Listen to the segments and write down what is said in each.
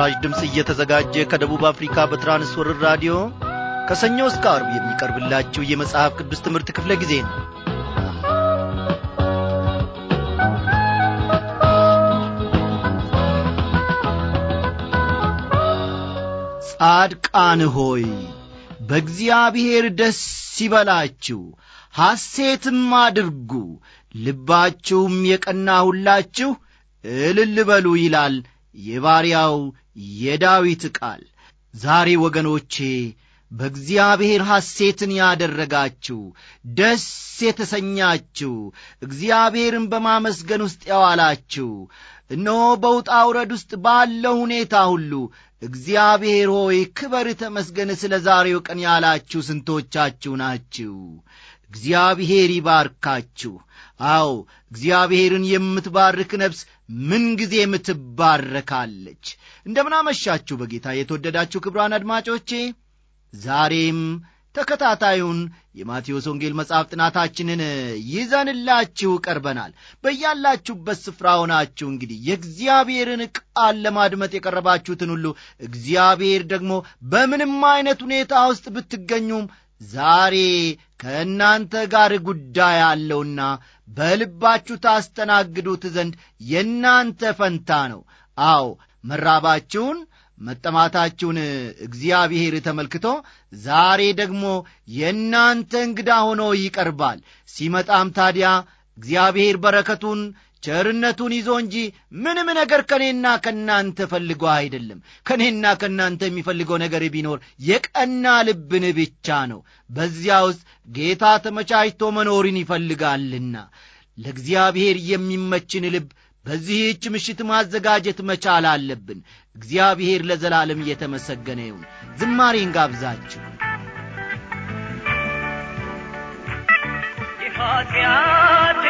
ለምስራች ድምፅ እየተዘጋጀ ከደቡብ አፍሪካ በትራንስወርር ራዲዮ ከሰኞ እስከ አርብ የሚቀርብላችሁ የመጽሐፍ ቅዱስ ትምህርት ክፍለ ጊዜ ነው ጻድቃን ሆይ በእግዚአብሔር ደስ ይበላችሁ ሐሴትም አድርጉ ልባችሁም የቀና ሁላችሁ እልልበሉ ይላል የባሪያው የዳዊት ቃል ዛሬ ወገኖቼ በእግዚአብሔር ሐሴትን ያደረጋችሁ ደስ የተሰኛችሁ እግዚአብሔርን በማመስገን ውስጥ ያዋላችሁ እነሆ በውጣ ውረድ ውስጥ ባለው ሁኔታ ሁሉ እግዚአብሔር ሆይ ክበር ተመስገን ስለ ዛሬው ቀን ያላችሁ ስንቶቻችሁ ናችሁ? እግዚአብሔር ይባርካችሁ። አዎ እግዚአብሔርን የምትባርክ ነፍስ ምንጊዜ ምትባረካለች። እንደምናመሻችሁ በጌታ የተወደዳችሁ ክብራን አድማጮቼ ዛሬም ተከታታዩን የማቴዎስ ወንጌል መጽሐፍ ጥናታችንን ይዘንላችሁ ቀርበናል። በያላችሁበት ስፍራ ሆናችሁ እንግዲህ የእግዚአብሔርን ቃል ለማድመጥ የቀረባችሁትን ሁሉ እግዚአብሔር ደግሞ በምንም አይነት ሁኔታ ውስጥ ብትገኙም ዛሬ ከእናንተ ጋር ጉዳይ አለውና በልባችሁ ታስተናግዱት ዘንድ የእናንተ ፈንታ ነው። አዎ መራባችሁን መጠማታችሁን እግዚአብሔር ተመልክቶ ዛሬ ደግሞ የእናንተ እንግዳ ሆኖ ይቀርባል። ሲመጣም ታዲያ እግዚአብሔር በረከቱን ቸርነቱን ይዞ እንጂ ምንም ነገር ከእኔና ከእናንተ ፈልጎ አይደለም። ከእኔና ከእናንተ የሚፈልገው ነገር ቢኖር የቀና ልብን ብቻ ነው። በዚያ ውስጥ ጌታ ተመቻችቶ መኖርን ይፈልጋልና ለእግዚአብሔር የሚመችን ልብ በዚህች ምሽት ማዘጋጀት መቻል አለብን። እግዚአብሔር ለዘላለም እየተመሰገነ ይሁን። ዝማሬን ጋብዛችሁ ኃጢአቴ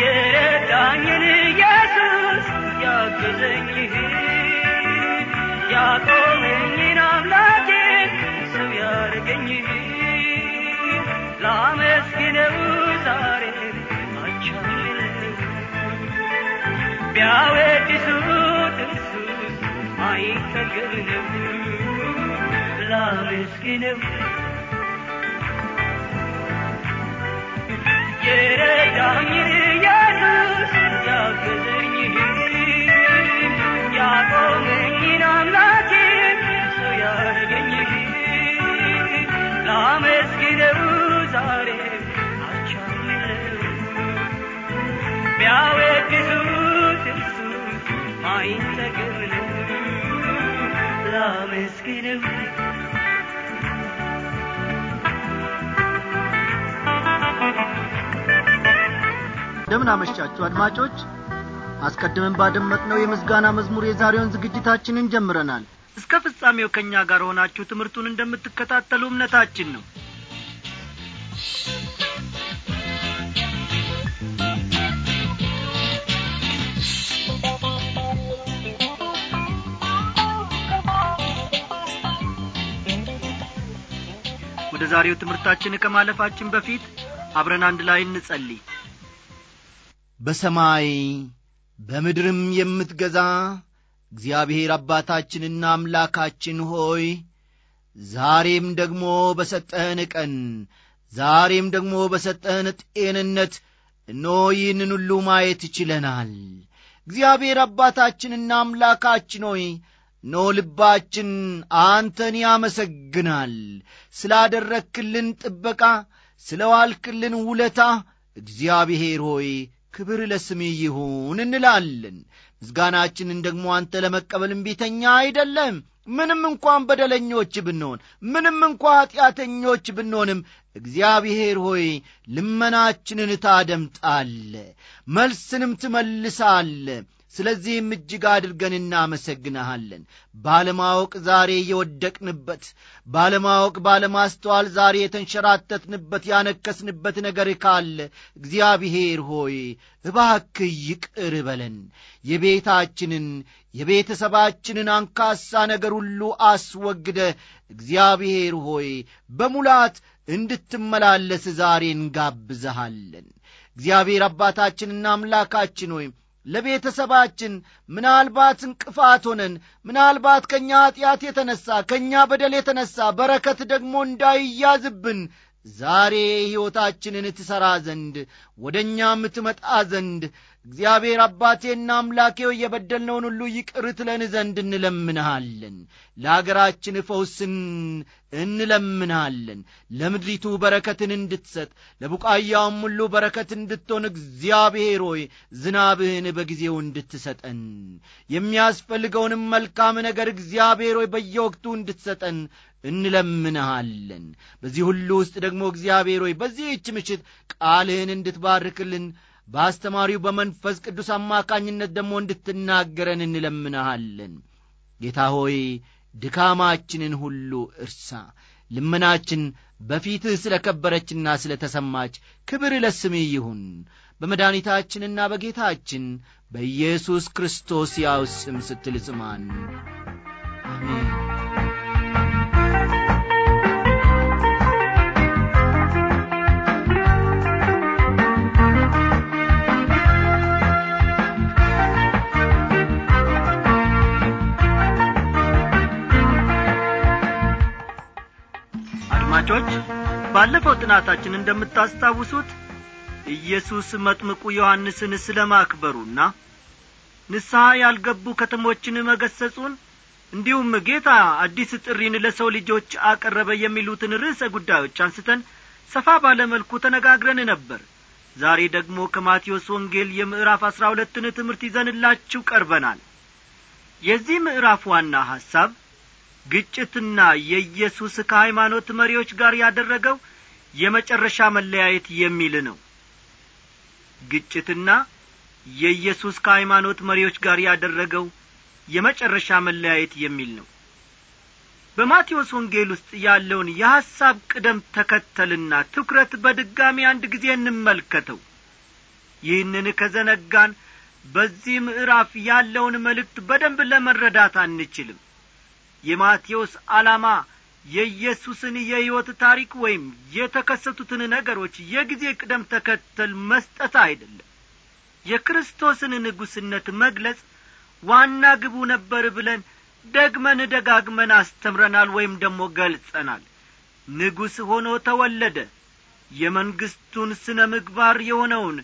የረዳኝን ኢየሱስ ያግዘኝ ያቆመኝን አምላኬ ሰው ያርገኝ ላመስግነው ዛሬ አቻለ የረዳኝ ኢየሱስ ያገዘኝ ያቆመኝን አምላኬ እሱ ዛሬ አቻምነው ቢያወድሱት እንደምን አመሻችሁ አድማጮች አስቀድመን ባደመጥነው የምስጋና መዝሙር የዛሬውን ዝግጅታችንን ጀምረናል እስከ ፍጻሜው ከእኛ ጋር ሆናችሁ ትምህርቱን እንደምትከታተሉ እምነታችን ነው ወደ ዛሬው ትምህርታችን ከማለፋችን በፊት አብረን አንድ ላይ እንጸልይ በሰማይ በምድርም የምትገዛ እግዚአብሔር አባታችንና አምላካችን ሆይ ዛሬም ደግሞ በሰጠህን ቀን ዛሬም ደግሞ በሰጠህን ጤንነት እኖ ይህንን ሁሉ ማየት ይችለናል። እግዚአብሔር አባታችንና አምላካችን ሆይ ኖ ልባችን አንተን ያመሰግናል። ስላደረክልን ጥበቃ፣ ስለ ዋልክልን ውለታ እግዚአብሔር ሆይ ክብር ለስሜ ይሁን እንላለን። ምስጋናችንን ደግሞ አንተ ለመቀበል እምቢተኛ አይደለም። ምንም እንኳን በደለኞች ብንሆን፣ ምንም እንኳ ኀጢአተኞች ብንሆንም እግዚአብሔር ሆይ ልመናችንን ታደምጣለ፣ መልስንም ትመልሳለ ስለዚህም እጅግ አድርገን እናመሰግንሃለን። ባለማወቅ ዛሬ የወደቅንበት፣ ባለማወቅ ባለማስተዋል ዛሬ የተንሸራተትንበት፣ ያነከስንበት ነገር ካለ እግዚአብሔር ሆይ እባክህ ይቅር በለን። የቤታችንን የቤተሰባችንን አንካሳ ነገር ሁሉ አስወግደ እግዚአብሔር ሆይ በሙላት እንድትመላለስ ዛሬ እንጋብዘሃለን። እግዚአብሔር አባታችንና አምላካችን ሆይ ለቤተሰባችን ምናልባት እንቅፋት ሆነን ምናልባት ከእኛ ኀጢአት የተነሣ ከእኛ በደል የተነሣ በረከት ደግሞ እንዳይያዝብን ዛሬ ሕይወታችንን ትሠራ ዘንድ ወደ እኛም ትመጣ ዘንድ እግዚአብሔር አባቴና አምላኬ የበደልነውን ሁሉ ይቅር ትለን ዘንድ እንለምንሃለን። ለአገራችን ፈውስን እንለምንሃለን። ለምድሪቱ በረከትን እንድትሰጥ ለቡቃያውም ሁሉ በረከት እንድትሆን እግዚአብሔር ሆይ ዝናብህን በጊዜው እንድትሰጠን የሚያስፈልገውንም መልካም ነገር እግዚአብሔር ሆይ በየወቅቱ እንድትሰጠን እንለምንሃለን። በዚህ ሁሉ ውስጥ ደግሞ እግዚአብሔር ሆይ በዚህች ምሽት ቃልህን እንድትባርክልን በአስተማሪው በመንፈስ ቅዱስ አማካኝነት ደግሞ እንድትናገረን እንለምናሃለን። ጌታ ሆይ ድካማችንን ሁሉ እርሳ። ልመናችን በፊትህ ስለ ከበረችና ስለ ተሰማች ክብር ለስሜ ይሁን። በመድኒታችንና በጌታችን በኢየሱስ ክርስቶስ ያው ስም አሜን። አድማጮች ባለፈው ጥናታችን እንደምታስታውሱት ኢየሱስ መጥምቁ ዮሐንስን ስለ ማክበሩና ንስሐ ያልገቡ ከተሞችን መገሰጹን እንዲሁም ጌታ አዲስ ጥሪን ለሰው ልጆች አቀረበ የሚሉትን ርዕሰ ጉዳዮች አንስተን ሰፋ ባለመልኩ ተነጋግረን ነበር ዛሬ ደግሞ ከማቴዎስ ወንጌል የምዕራፍ አሥራ ሁለትን ትምህርት ይዘንላችሁ ቀርበናል የዚህ ምዕራፍ ዋና ሐሳብ ግጭትና የኢየሱስ ከሃይማኖት መሪዎች ጋር ያደረገው የመጨረሻ መለያየት የሚል ነው ግጭትና የኢየሱስ ከሃይማኖት መሪዎች ጋር ያደረገው የመጨረሻ መለያየት የሚል ነው በማቴዎስ ወንጌል ውስጥ ያለውን የሐሳብ ቅደም ተከተልና ትኩረት በድጋሚ አንድ ጊዜ እንመልከተው ይህንን ከዘነጋን በዚህ ምዕራፍ ያለውን መልእክት በደንብ ለመረዳት አንችልም የማቴዎስ ዓላማ የኢየሱስን የሕይወት ታሪክ ወይም የተከሰቱትን ነገሮች የጊዜ ቅደም ተከተል መስጠት አይደለም የክርስቶስን ንጉሥነት መግለጽ ዋና ግቡ ነበር ብለን ደግመን ደጋግመን አስተምረናል ወይም ደግሞ ገልጸናል ንጉሥ ሆኖ ተወለደ የመንግሥቱን ስነ ምግባር የሆነውን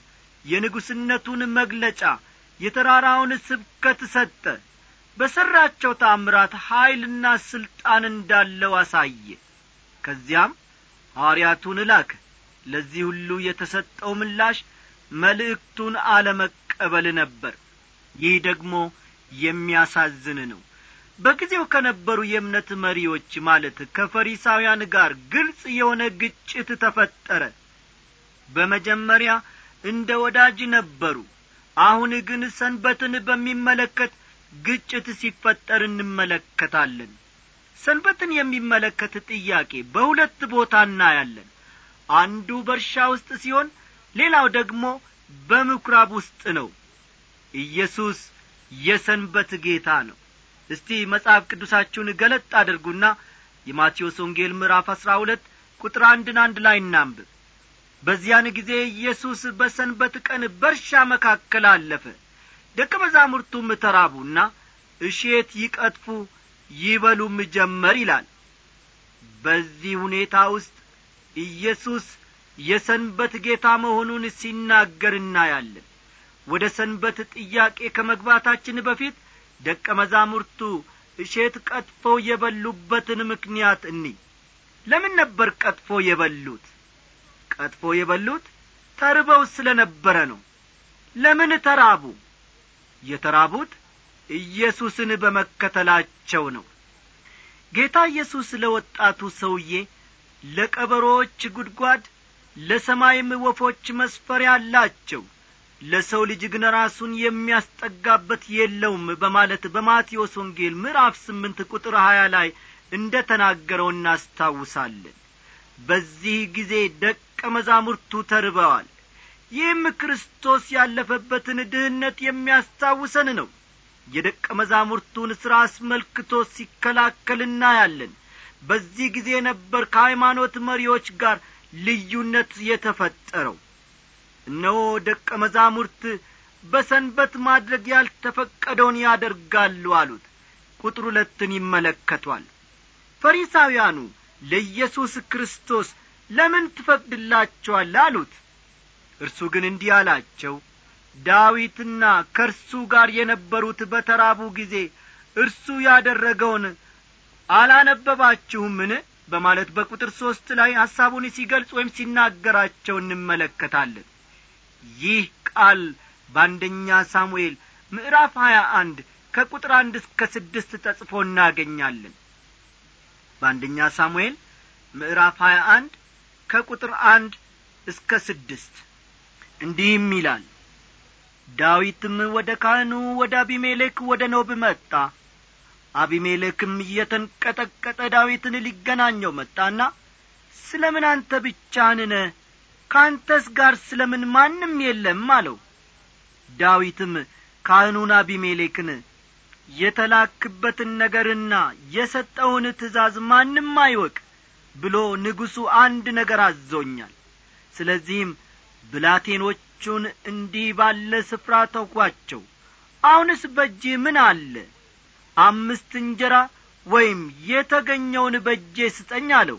የንጉሥነቱን መግለጫ የተራራውን ስብከት ሰጠ በሠራቸው ታምራት ኀይልና ሥልጣን እንዳለው አሳየ ከዚያም ሐዋርያቱን እላክ ለዚህ ሁሉ የተሰጠው ምላሽ መልእክቱን አለመቀበል ነበር ይህ ደግሞ የሚያሳዝን ነው በጊዜው ከነበሩ የእምነት መሪዎች ማለት ከፈሪሳውያን ጋር ግልጽ የሆነ ግጭት ተፈጠረ በመጀመሪያ እንደ ወዳጅ ነበሩ አሁን ግን ሰንበትን በሚመለከት ግጭት ሲፈጠር እንመለከታለን ሰንበትን የሚመለከት ጥያቄ በሁለት ቦታ እናያለን አንዱ በእርሻ ውስጥ ሲሆን ሌላው ደግሞ በምኵራብ ውስጥ ነው ኢየሱስ የሰንበት ጌታ ነው እስቲ መጽሐፍ ቅዱሳችሁን ገለጥ አድርጉና የማቴዎስ ወንጌል ምዕራፍ አሥራ ሁለት ቁጥር አንድን አንድ ላይ እናንብብ በዚያን ጊዜ ኢየሱስ በሰንበት ቀን በእርሻ መካከል አለፈ ደቀ መዛሙርቱም ተራቡና እሼት ይቀጥፉ ይበሉም ጀመር ይላል በዚህ ሁኔታ ውስጥ ኢየሱስ የሰንበት ጌታ መሆኑን ሲናገር እናያለን ወደ ሰንበት ጥያቄ ከመግባታችን በፊት ደቀ መዛሙርቱ እሼት ቀጥፎ የበሉበትን ምክንያት እኒ ለምን ነበር ቀጥፎ የበሉት ቀጥፎ የበሉት ተርበው ስለ ነበረ ነው ለምን ተራቡ የተራቡት ኢየሱስን በመከተላቸው ነው ጌታ ኢየሱስ ለወጣቱ ሰውዬ ለቀበሮዎች ጉድጓድ ለሰማይም ወፎች መስፈሪያ አላቸው ለሰው ልጅ ግን ራሱን የሚያስጠጋበት የለውም በማለት በማቴዎስ ወንጌል ምዕራፍ ስምንት ቁጥር ሀያ ላይ እንደ ተናገረው እናስታውሳለን በዚህ ጊዜ ደቀ መዛሙርቱ ተርበዋል ይህም ክርስቶስ ያለፈበትን ድህነት የሚያስታውሰን ነው የደቀ መዛሙርቱን ሥራ አስመልክቶ ሲከላከል እናያለን በዚህ ጊዜ ነበር ከሃይማኖት መሪዎች ጋር ልዩነት የተፈጠረው እነሆ ደቀ መዛሙርት በሰንበት ማድረግ ያልተፈቀደውን ያደርጋሉ አሉት ቁጥር ሁለትን ይመለከቷል ፈሪሳውያኑ ለኢየሱስ ክርስቶስ ለምን ትፈቅድላቸዋል አሉት እርሱ ግን እንዲህ አላቸው ዳዊትና ከእርሱ ጋር የነበሩት በተራቡ ጊዜ እርሱ ያደረገውን አላነበባችሁምን በማለት በቁጥር ሦስት ላይ ሐሳቡን ሲገልጽ ወይም ሲናገራቸው እንመለከታለን ይህ ቃል በአንደኛ ሳሙኤል ምዕራፍ ሀያ አንድ ከቁጥር አንድ እስከ ስድስት ተጽፎ እናገኛለን በአንደኛ ሳሙኤል ምዕራፍ ሀያ አንድ ከቁጥር አንድ እስከ ስድስት እንዲህም ይላል ዳዊትም ወደ ካህኑ ወደ አቢሜሌክ ወደ ኖብ መጣ አቢሜሌክም እየተንቀጠቀጠ ዳዊትን ሊገናኘው መጣና ስለ ምን አንተ ብቻህን ከአንተስ ጋር ስለ ምን ማንም የለም አለው ዳዊትም ካህኑን አቢሜሌክን የተላክበትን ነገርና የሰጠውን ትእዛዝ ማንም አይወቅ ብሎ ንጉሡ አንድ ነገር አዞኛል ስለዚህም ብላቴኖቹን እንዲህ ባለ ስፍራ ተውኳቸው አሁንስ በጅ ምን አለ አምስት እንጀራ ወይም የተገኘውን በእጄ ስጠኝ አለው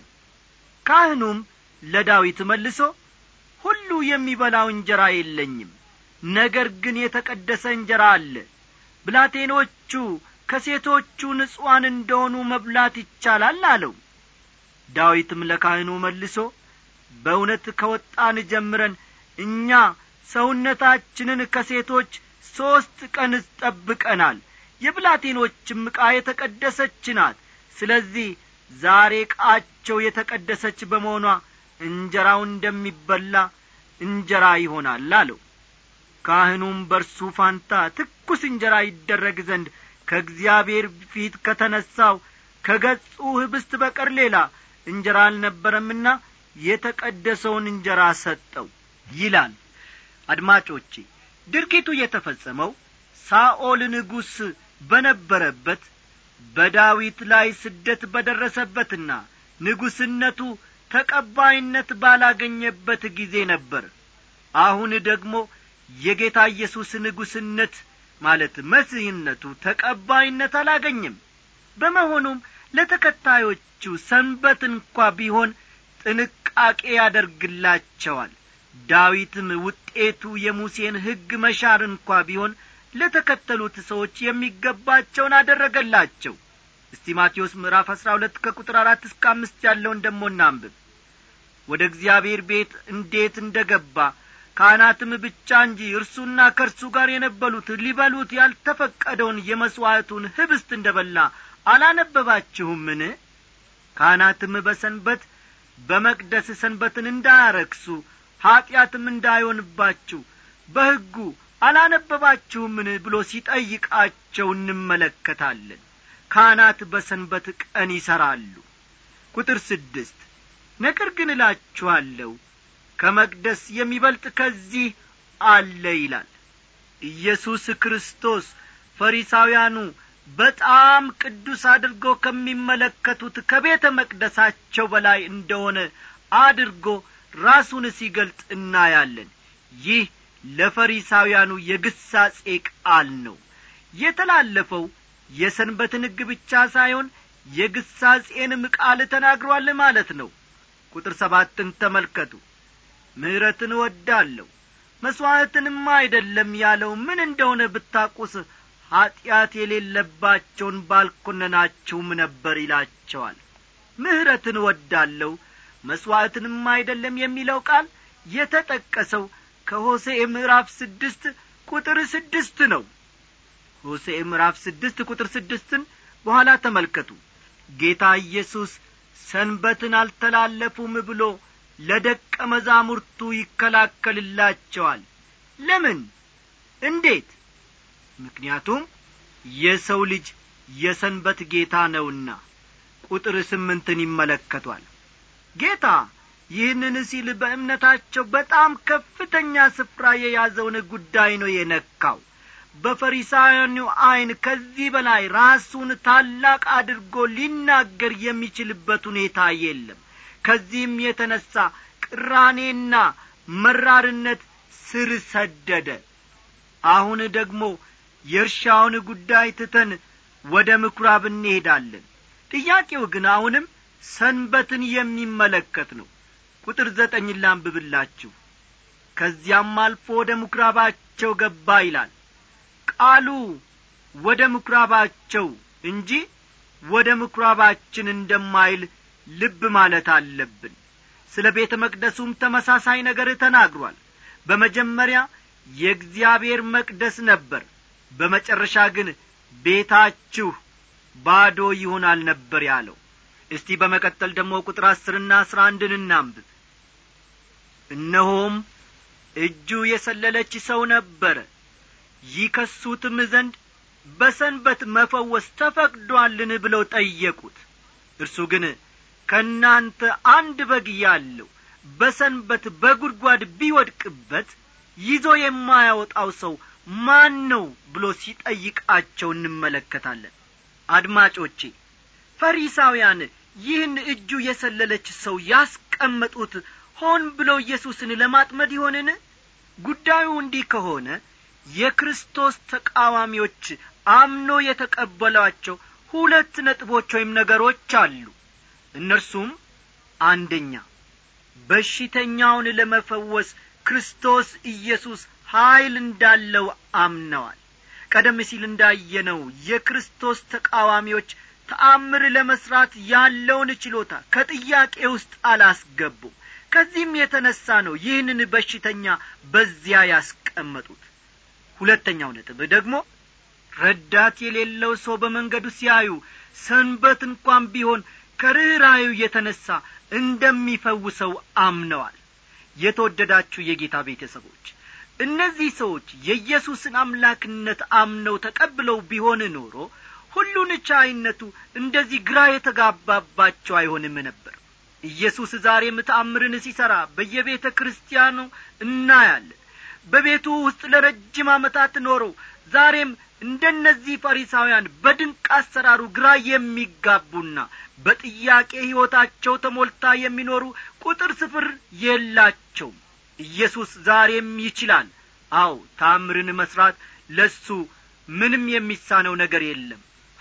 ካህኑም ለዳዊት መልሶ ሁሉ የሚበላው እንጀራ የለኝም ነገር ግን የተቀደሰ እንጀራ አለ ብላቴኖቹ ከሴቶቹ ንጹዋን እንደሆኑ መብላት ይቻላል አለው ዳዊትም ለካህኑ መልሶ በእውነት ከወጣን ጀምረን እኛ ሰውነታችንን ከሴቶች ሦስት ቀን ጠብቀናል የብላቴኖችም ዕቃ የተቀደሰች ናት ስለዚህ ዛሬ ዕቃቸው የተቀደሰች በመሆኗ እንጀራው እንደሚበላ እንጀራ ይሆናል አለው ካህኑም በርሱ ፋንታ ትኩስ እንጀራ ይደረግ ዘንድ ከእግዚአብሔር ፊት ከተነሣው ከገጹ ህብስት በቀር ሌላ እንጀራ አልነበረምና የተቀደሰውን እንጀራ ሰጠው ይላል አድማጮቼ ድርጊቱ የተፈጸመው ሳኦል ንጉሥ በነበረበት በዳዊት ላይ ስደት በደረሰበትና ንጉሥነቱ ተቀባይነት ባላገኘበት ጊዜ ነበር አሁን ደግሞ የጌታ ኢየሱስ ንጉሥነት ማለት መሲህነቱ ተቀባይነት አላገኝም በመሆኑም ለተከታዮቹ ሰንበት እንኳ ቢሆን ጥንቃቄ ያደርግላቸዋል ዳዊትም ውጤቱ የሙሴን ሕግ መሻር እንኳ ቢሆን ለተከተሉት ሰዎች የሚገባቸውን አደረገላቸው እስቲ ማቴዎስ ምዕራፍ አሥራ ሁለት ከቁጥር አራት እስከ አምስት ያለውን ደሞ እናንብብ ወደ እግዚአብሔር ቤት እንዴት እንደ ገባ ካህናትም ብቻ እንጂ እርሱና ከእርሱ ጋር የነበሉት ሊበሉት ያልተፈቀደውን የመሥዋዕቱን ህብስት እንደ በላ አላነበባችሁምን ካህናትም በሰንበት በመቅደስ ሰንበትን እንዳያረክሱ ኀጢአትም እንዳይሆንባችሁ በሕጉ አላነበባችሁምን ብሎ ሲጠይቃቸው እንመለከታለን ካህናት በሰንበት ቀን ይሠራሉ ቁጥር ስድስት ነገር ግን እላችኋለሁ ከመቅደስ የሚበልጥ ከዚህ አለ ይላል ኢየሱስ ክርስቶስ ፈሪሳውያኑ በጣም ቅዱስ አድርጎ ከሚመለከቱት ከቤተ መቅደሳቸው በላይ እንደሆነ አድርጎ ራሱን ሲገልጥ እናያለን ይህ ለፈሪሳውያኑ የግሳጼ ቃል ነው የተላለፈው የሰንበትን ሕግ ብቻ ሳይሆን የግሳጼንም ቃል ተናግሯል ማለት ነው ቁጥር ሰባትን ተመልከቱ ምሕረትን እወዳለሁ መሥዋዕትንም አይደለም ያለው ምን እንደሆነ ብታቁስ ኀጢአት የሌለባቸውን ባልኮነናችሁም ነበር ይላቸዋል ምሕረትን እወዳለሁ መሥዋዕትንም አይደለም የሚለው ቃል የተጠቀሰው ከሆሴ ምዕራፍ ስድስት ቁጥር ስድስት ነው ሆሴ ምዕራፍ ስድስት ቁጥር ስድስትን በኋላ ተመልከቱ ጌታ ኢየሱስ ሰንበትን አልተላለፉም ብሎ ለደቀ መዛሙርቱ ይከላከልላቸዋል ለምን እንዴት ምክንያቱም የሰው ልጅ የሰንበት ጌታ ነውና ቁጥር ስምንትን ይመለከቷል ጌታ ይህንን ሲል በእምነታቸው በጣም ከፍተኛ ስፍራ የያዘውን ጉዳይ ነው የነካው በፈሪሳውያኑ ዐይን ከዚህ በላይ ራሱን ታላቅ አድርጎ ሊናገር የሚችልበት ሁኔታ የለም ከዚህም የተነሣ ቅራኔና መራርነት ስር ሰደደ አሁን ደግሞ የእርሻውን ጉዳይ ትተን ወደ ምኵራብ እንሄዳለን ጥያቄው ግን አሁንም ሰንበትን የሚመለከት ነው ቁጥር ዘጠኝ ላንብብላችሁ ከዚያም አልፎ ወደ ምኵራባቸው ገባ ይላል ቃሉ ወደ ምኵራባቸው እንጂ ወደ ምኵራባችን እንደማይል ልብ ማለት አለብን ስለ ቤተ መቅደሱም ተመሳሳይ ነገር ተናግሯል በመጀመሪያ የእግዚአብሔር መቅደስ ነበር በመጨረሻ ግን ቤታችሁ ባዶ ይሆናል ነበር ያለው እስቲ በመቀጠል ደግሞ ቁጥር አስርና አስራ አንድን እናንብብ እነሆም እጁ የሰለለች ሰው ነበረ ይከሱትም ዘንድ በሰንበት መፈወስ ተፈቅዷልን ብለው ጠየቁት እርሱ ግን ከእናንተ አንድ በግ ያለው በሰንበት በጒድጓድ ቢወድቅበት ይዞ የማያወጣው ሰው ማን ነው ብሎ ሲጠይቃቸው እንመለከታለን አድማጮቼ ፈሪሳውያን ይህን እጁ የሰለለች ሰው ያስቀመጡት ሆን ብለው ኢየሱስን ለማጥመድ ይሆንን ጉዳዩ እንዲህ ከሆነ የክርስቶስ ተቃዋሚዎች አምኖ የተቀበሏቸው ሁለት ነጥቦች ወይም ነገሮች አሉ እነርሱም አንደኛ በሽተኛውን ለመፈወስ ክርስቶስ ኢየሱስ ኀይል እንዳለው አምነዋል ቀደም ሲል እንዳየነው የክርስቶስ ተቃዋሚዎች ተአምር ለመስራት ያለውን ችሎታ ከጥያቄ ውስጥ አላስገቡ ከዚህም የተነሳ ነው ይህንን በሽተኛ በዚያ ያስቀመጡት ሁለተኛው ነጥብ ደግሞ ረዳት የሌለው ሰው በመንገዱ ሲያዩ ሰንበት እንኳን ቢሆን ከርኅራዩ የተነሳ እንደሚፈውሰው አምነዋል የተወደዳችሁ የጌታ ቤተሰቦች እነዚህ ሰዎች የኢየሱስን አምላክነት አምነው ተቀብለው ቢሆን ኖሮ ሁሉን ቻይነቱ እንደዚህ ግራ የተጋባባቸው አይሆንም ነበር ኢየሱስ ዛሬም ምታምርን ሲሠራ በየቤተ ክርስቲያኑ እናያለን በቤቱ ውስጥ ለረጅም ዓመታት ኖረው ዛሬም እንደነዚህ ፈሪሳውያን በድንቅ አሰራሩ ግራ የሚጋቡና በጥያቄ ሕይወታቸው ተሞልታ የሚኖሩ ቁጥር ስፍር የላቸውም ኢየሱስ ዛሬም ይችላል አው ታምርን መሥራት ለሱ ምንም የሚሳነው ነገር የለም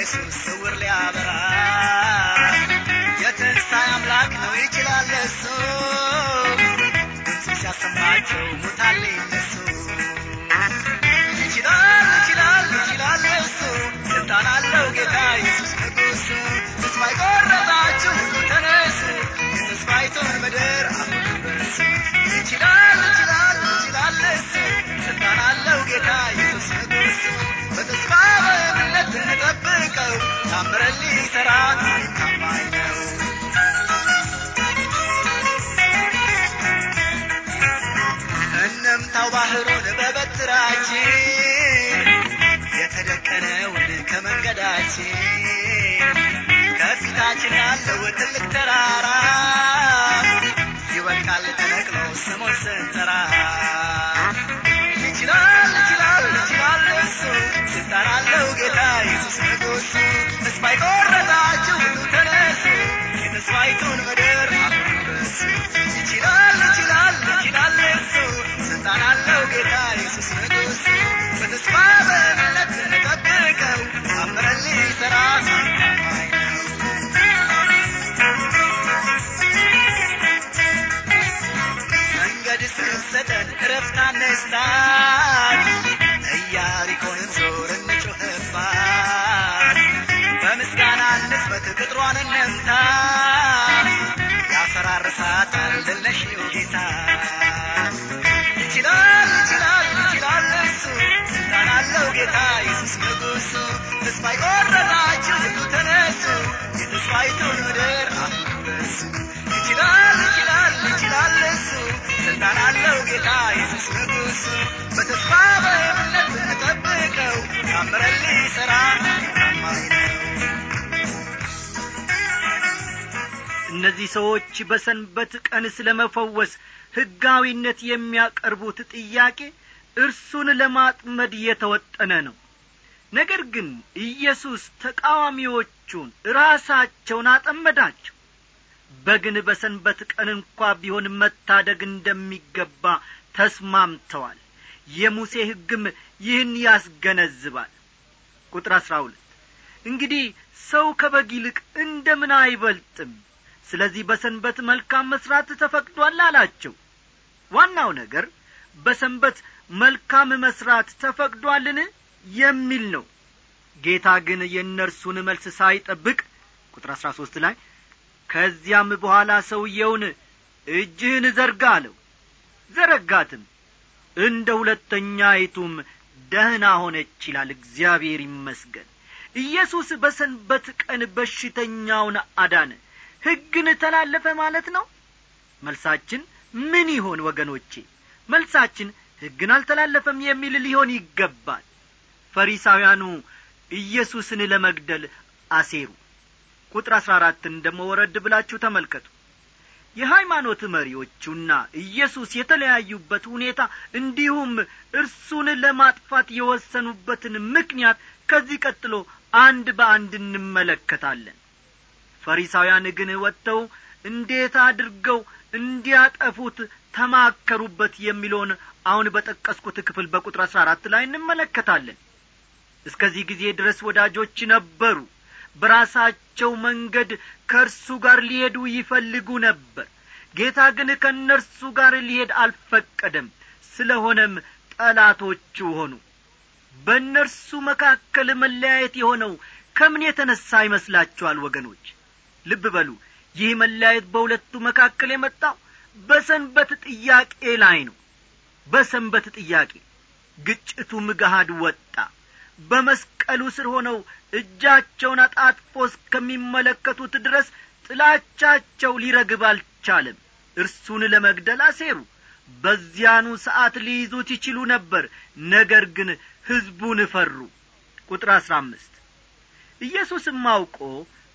ኢየሱስ ስውር ሊያበራ የትንሣኤ አምላክ ነው ይችላል እሱ ድምፁ ሲያሰማቸው ሙታል እሱ ይችላል ይችላል ይችላል እሱ ስልጣን አለው ጌታ ኢየሱስ ንጉሱ ተስፋ የቆረጣችሁ ሁሉ ተነሱ የተስፋይቱን ምድር አፍርሱ ይችላል ይችላል ይችላል እሱ ስልጣን አለው ጌታ ኢየሱስ ንጉሱ ታምረሊ ሰራ ታማኝ ነው እንምታው ባህሩን በበትራችን የተደቀነውን ከመንገዳችን ከፊታችን ያለው ትልቅ ተራራ ይበቃል ተነቅሎ ስሙን ስንጠራ ይችላል ይችላል ይችላል እሱ ጠራለው ጌታ ኢየሱስ ንጉሱ ተስፋ የቆረጣችሁ ሁሉ ተነሱ የተስፋይቱን ምድር አፍርስ ይችላል ይችላል ይችላል እርሱ ስልጣን ጌታ ኢየሱስ ንጉሱ በተስፋ በእምነት ተጠብቀው አምረን ሊሰራ መንገድ ስንሰጠን እረፍታን ይችላል ይችላል ይችላል እሱ ስልጣን አለው ጌታ ኢየሱስ ንጉሱ በተስፋ በእምነት እነዚህ ሰዎች በሰንበት ቀን ስለ መፈወስ ሕጋዊነት የሚያቀርቡት ጥያቄ እርሱን ለማጥመድ የተወጠነ ነው ነገር ግን ኢየሱስ ተቃዋሚዎቹን ራሳቸውን አጠመዳቸው በግን በሰንበት ቀን እንኳ ቢሆን መታደግ እንደሚገባ ተስማምተዋል የሙሴ ሕግም ይህን ያስገነዝባል ቁጥር አሥራ ሁለት እንግዲህ ሰው ከበግ ይልቅ እንደምን አይበልጥም ስለዚህ በሰንበት መልካም መስራት ተፈቅዷል አላቸው ዋናው ነገር በሰንበት መልካም መስራት ተፈቅዷልን የሚል ነው ጌታ ግን የእነርሱን መልስ ሳይጠብቅ ቁጥር አሥራ ሦስት ላይ ከዚያም በኋላ ሰውየውን እጅህን ዘርጋ አለው ዘረጋትም እንደ ሁለተኛ አይቱም ደህና ሆነች ይላል እግዚአብሔር ይመስገን ኢየሱስ በሰንበት ቀን በሽተኛውን አዳነ ሕግን ተላለፈ ማለት ነው መልሳችን ምን ይሆን ወገኖቼ መልሳችን ሕግን አልተላለፈም የሚል ሊሆን ይገባል ፈሪሳውያኑ ኢየሱስን ለመግደል አሴሩ ቁጥር አሥራ አራትን ደሞ ወረድ ብላችሁ ተመልከቱ የሃይማኖት መሪዎቹና ኢየሱስ የተለያዩበት ሁኔታ እንዲሁም እርሱን ለማጥፋት የወሰኑበትን ምክንያት ከዚህ ቀጥሎ አንድ በአንድ እንመለከታለን ፈሪሳውያን ግን ወጥተው እንዴት አድርገው እንዲያጠፉት ተማከሩበት የሚለውን አሁን በጠቀስኩት ክፍል በቁጥር አሥራ አራት ላይ እንመለከታለን እስከዚህ ጊዜ ድረስ ወዳጆች ነበሩ በራሳቸው መንገድ ከእርሱ ጋር ሊሄዱ ይፈልጉ ነበር ጌታ ግን ከእነርሱ ጋር ሊሄድ አልፈቀደም ስለሆነም ጠላቶቹ ሆኑ በእነርሱ መካከል መለያየት የሆነው ከምን የተነሣ ይመስላችኋል ወገኖች ልብ በሉ ይህ መለያየት በሁለቱ መካከል የመጣው በሰንበት ጥያቄ ላይ ነው በሰንበት ጥያቄ ግጭቱ ምግሃድ ወጣ በመስቀሉ ስር ሆነው እጃቸውን አጣጥፎ እስከሚመለከቱት ድረስ ጥላቻቸው ሊረግብ አልቻለም እርሱን ለመግደል አሴሩ በዚያኑ ሰዓት ሊይዙት ይችሉ ነበር ነገር ግን ሕዝቡን እፈሩ ቁጥር አሥራ አምስት ኢየሱስም አውቆ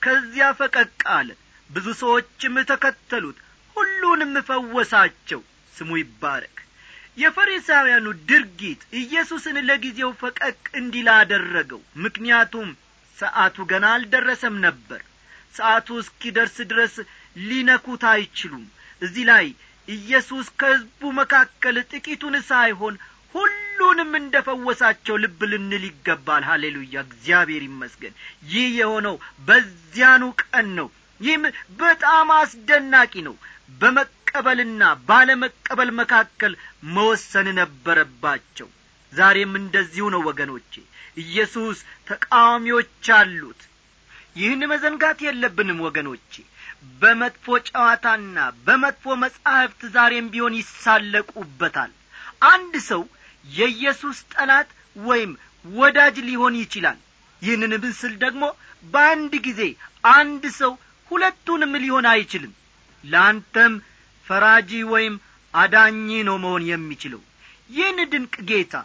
ከዚያ ፈቀቅ አለ ብዙ ሰዎችም ተከተሉት ሁሉንም እፈወሳቸው ስሙ ይባረክ የፈሪሳውያኑ ድርጊት ኢየሱስን ለጊዜው ፈቀቅ እንዲላደረገው አደረገው ምክንያቱም ሰዓቱ ገና አልደረሰም ነበር ሰዓቱ እስኪደርስ ድረስ ሊነኩት አይችሉም እዚህ ላይ ኢየሱስ ከሕዝቡ መካከል ጥቂቱን ሳይሆን ሁሉንም እንደ ፈወሳቸው ልብ ልንል ይገባል ሀሌሉያ እግዚአብሔር ይመስገን ይህ የሆነው በዚያኑ ቀን ነው ይህም በጣም አስደናቂ ነው በመ በመቀበልና ባለመቀበል መካከል መወሰን ነበረባቸው ዛሬም እንደዚሁ ነው ወገኖቼ ኢየሱስ ተቃዋሚዎች አሉት ይህን መዘንጋት የለብንም ወገኖቼ በመጥፎ ጨዋታና በመጥፎ መጻሕፍት ዛሬም ቢሆን ይሳለቁበታል አንድ ሰው የኢየሱስ ጠላት ወይም ወዳጅ ሊሆን ይችላል ይህንን ምስል ደግሞ በአንድ ጊዜ አንድ ሰው ሁለቱንም ሊሆን አይችልም ለአንተም ፈራጂ ወይም አዳኝ ነው መሆን የሚችለው ይህን ድንቅ ጌታ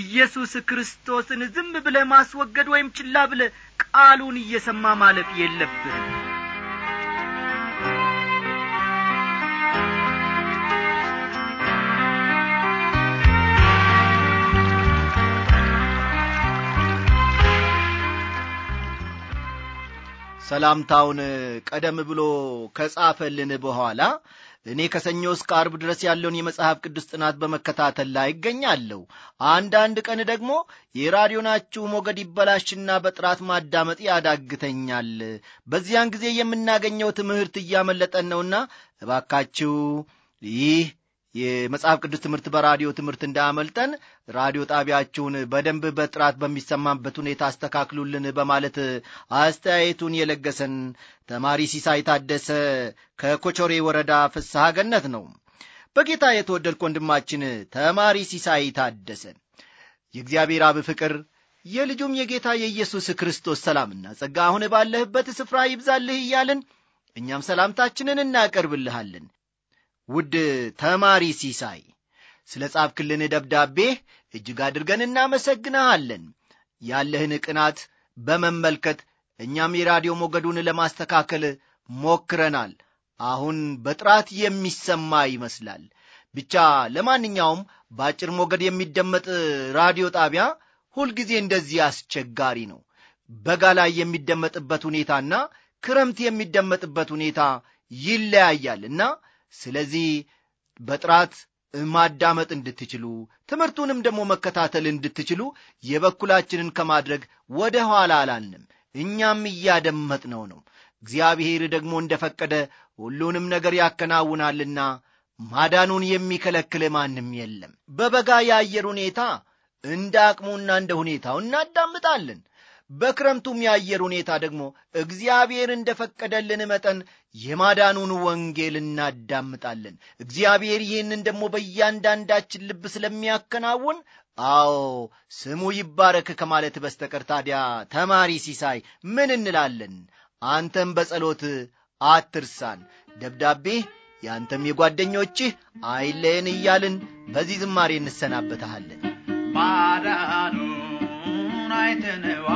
ኢየሱስ ክርስቶስን ዝም ብለ ማስወገድ ወይም ችላ ብለ ቃሉን እየሰማ ማለፍ የለብህም ሰላምታውን ቀደም ብሎ ከጻፈልን በኋላ እኔ ከሰኞ እስከ አርብ ድረስ ያለውን የመጽሐፍ ቅዱስ ጥናት በመከታተል ላይ ይገኛለሁ። አንዳንድ ቀን ደግሞ የራዲዮናችሁ ሞገድ ይበላሽና በጥራት ማዳመጥ ያዳግተኛል። በዚያን ጊዜ የምናገኘው ትምህርት እያመለጠን ነውና እባካችሁ ይህ የመጽሐፍ ቅዱስ ትምህርት በራዲዮ ትምህርት እንዳያመልጠን ራዲዮ ጣቢያችሁን በደንብ በጥራት በሚሰማበት ሁኔታ አስተካክሉልን በማለት አስተያየቱን የለገሰን ተማሪ ሲሳይ ታደሰ ከኮቾሬ ወረዳ ፍስሐ ገነት ነው። በጌታ የተወደድክ ወንድማችን ተማሪ ሲሳይ ታደሰ የእግዚአብሔር አብ ፍቅር የልጁም የጌታ የኢየሱስ ክርስቶስ ሰላምና ጸጋ አሁን ባለህበት ስፍራ ይብዛልህ እያልን እኛም ሰላምታችንን እናቀርብልሃለን። ውድ ተማሪ ሲሳይ ስለ ጻፍክልን ደብዳቤ እጅግ አድርገን እናመሰግንሃለን። ያለህን ቅናት በመመልከት እኛም የራዲዮ ሞገዱን ለማስተካከል ሞክረናል። አሁን በጥራት የሚሰማ ይመስላል። ብቻ ለማንኛውም በአጭር ሞገድ የሚደመጥ ራዲዮ ጣቢያ ሁልጊዜ እንደዚህ አስቸጋሪ ነው። በጋ ላይ የሚደመጥበት ሁኔታና ክረምት የሚደመጥበት ሁኔታ ይለያያል እና ስለዚህ በጥራት ማዳመጥ እንድትችሉ ትምህርቱንም ደግሞ መከታተል እንድትችሉ የበኩላችንን ከማድረግ ወደ ኋላ አላልንም እኛም እያደመጥነው ነው እግዚአብሔር ደግሞ እንደ ፈቀደ ሁሉንም ነገር ያከናውናልና ማዳኑን የሚከለክል ማንም የለም በበጋ የአየር ሁኔታ እንደ አቅሙና እንደ ሁኔታው እናዳምጣለን በክረምቱም የአየር ሁኔታ ደግሞ እግዚአብሔር እንደ ፈቀደልን መጠን የማዳኑን ወንጌል እናዳምጣለን። እግዚአብሔር ይህንን ደግሞ በእያንዳንዳችን ልብ ስለሚያከናውን አዎ ስሙ ይባረክ ከማለት በስተቀር ታዲያ ተማሪ ሲሳይ ምን እንላለን? አንተም በጸሎት አትርሳን፣ ደብዳቤ ያንተም የጓደኞችህ አይለየን እያልን በዚህ ዝማሬ እንሰናበትሃለን። ማዳኑን አይተነዋ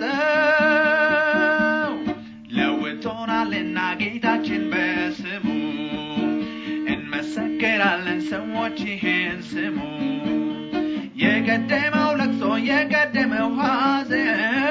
ስንሰጠው ለውጦናልና ጌታችን በስሙ እንመሰገናለን ሰዎች ይህን ስሙ የቀደመው ለቅሶ የቀደመው ሐዘን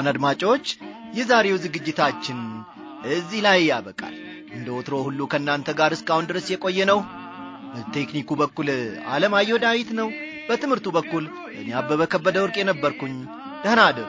ክቡራን አድማጮች የዛሬው ዝግጅታችን እዚህ ላይ ያበቃል እንደ ወትሮ ሁሉ ከእናንተ ጋር እስካሁን ድረስ የቆየ ነው በቴክኒኩ በኩል አለማየሁ ዳዊት ነው በትምህርቱ በኩል እኔ አበበ ከበደ ወርቅ የነበርኩኝ ደህና አደሩ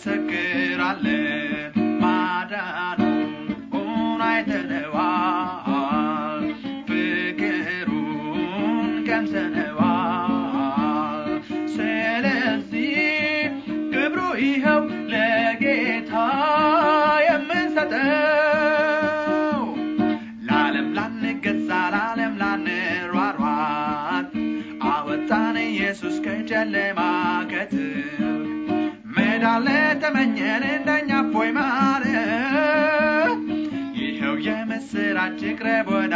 መሰክራለን። de crebo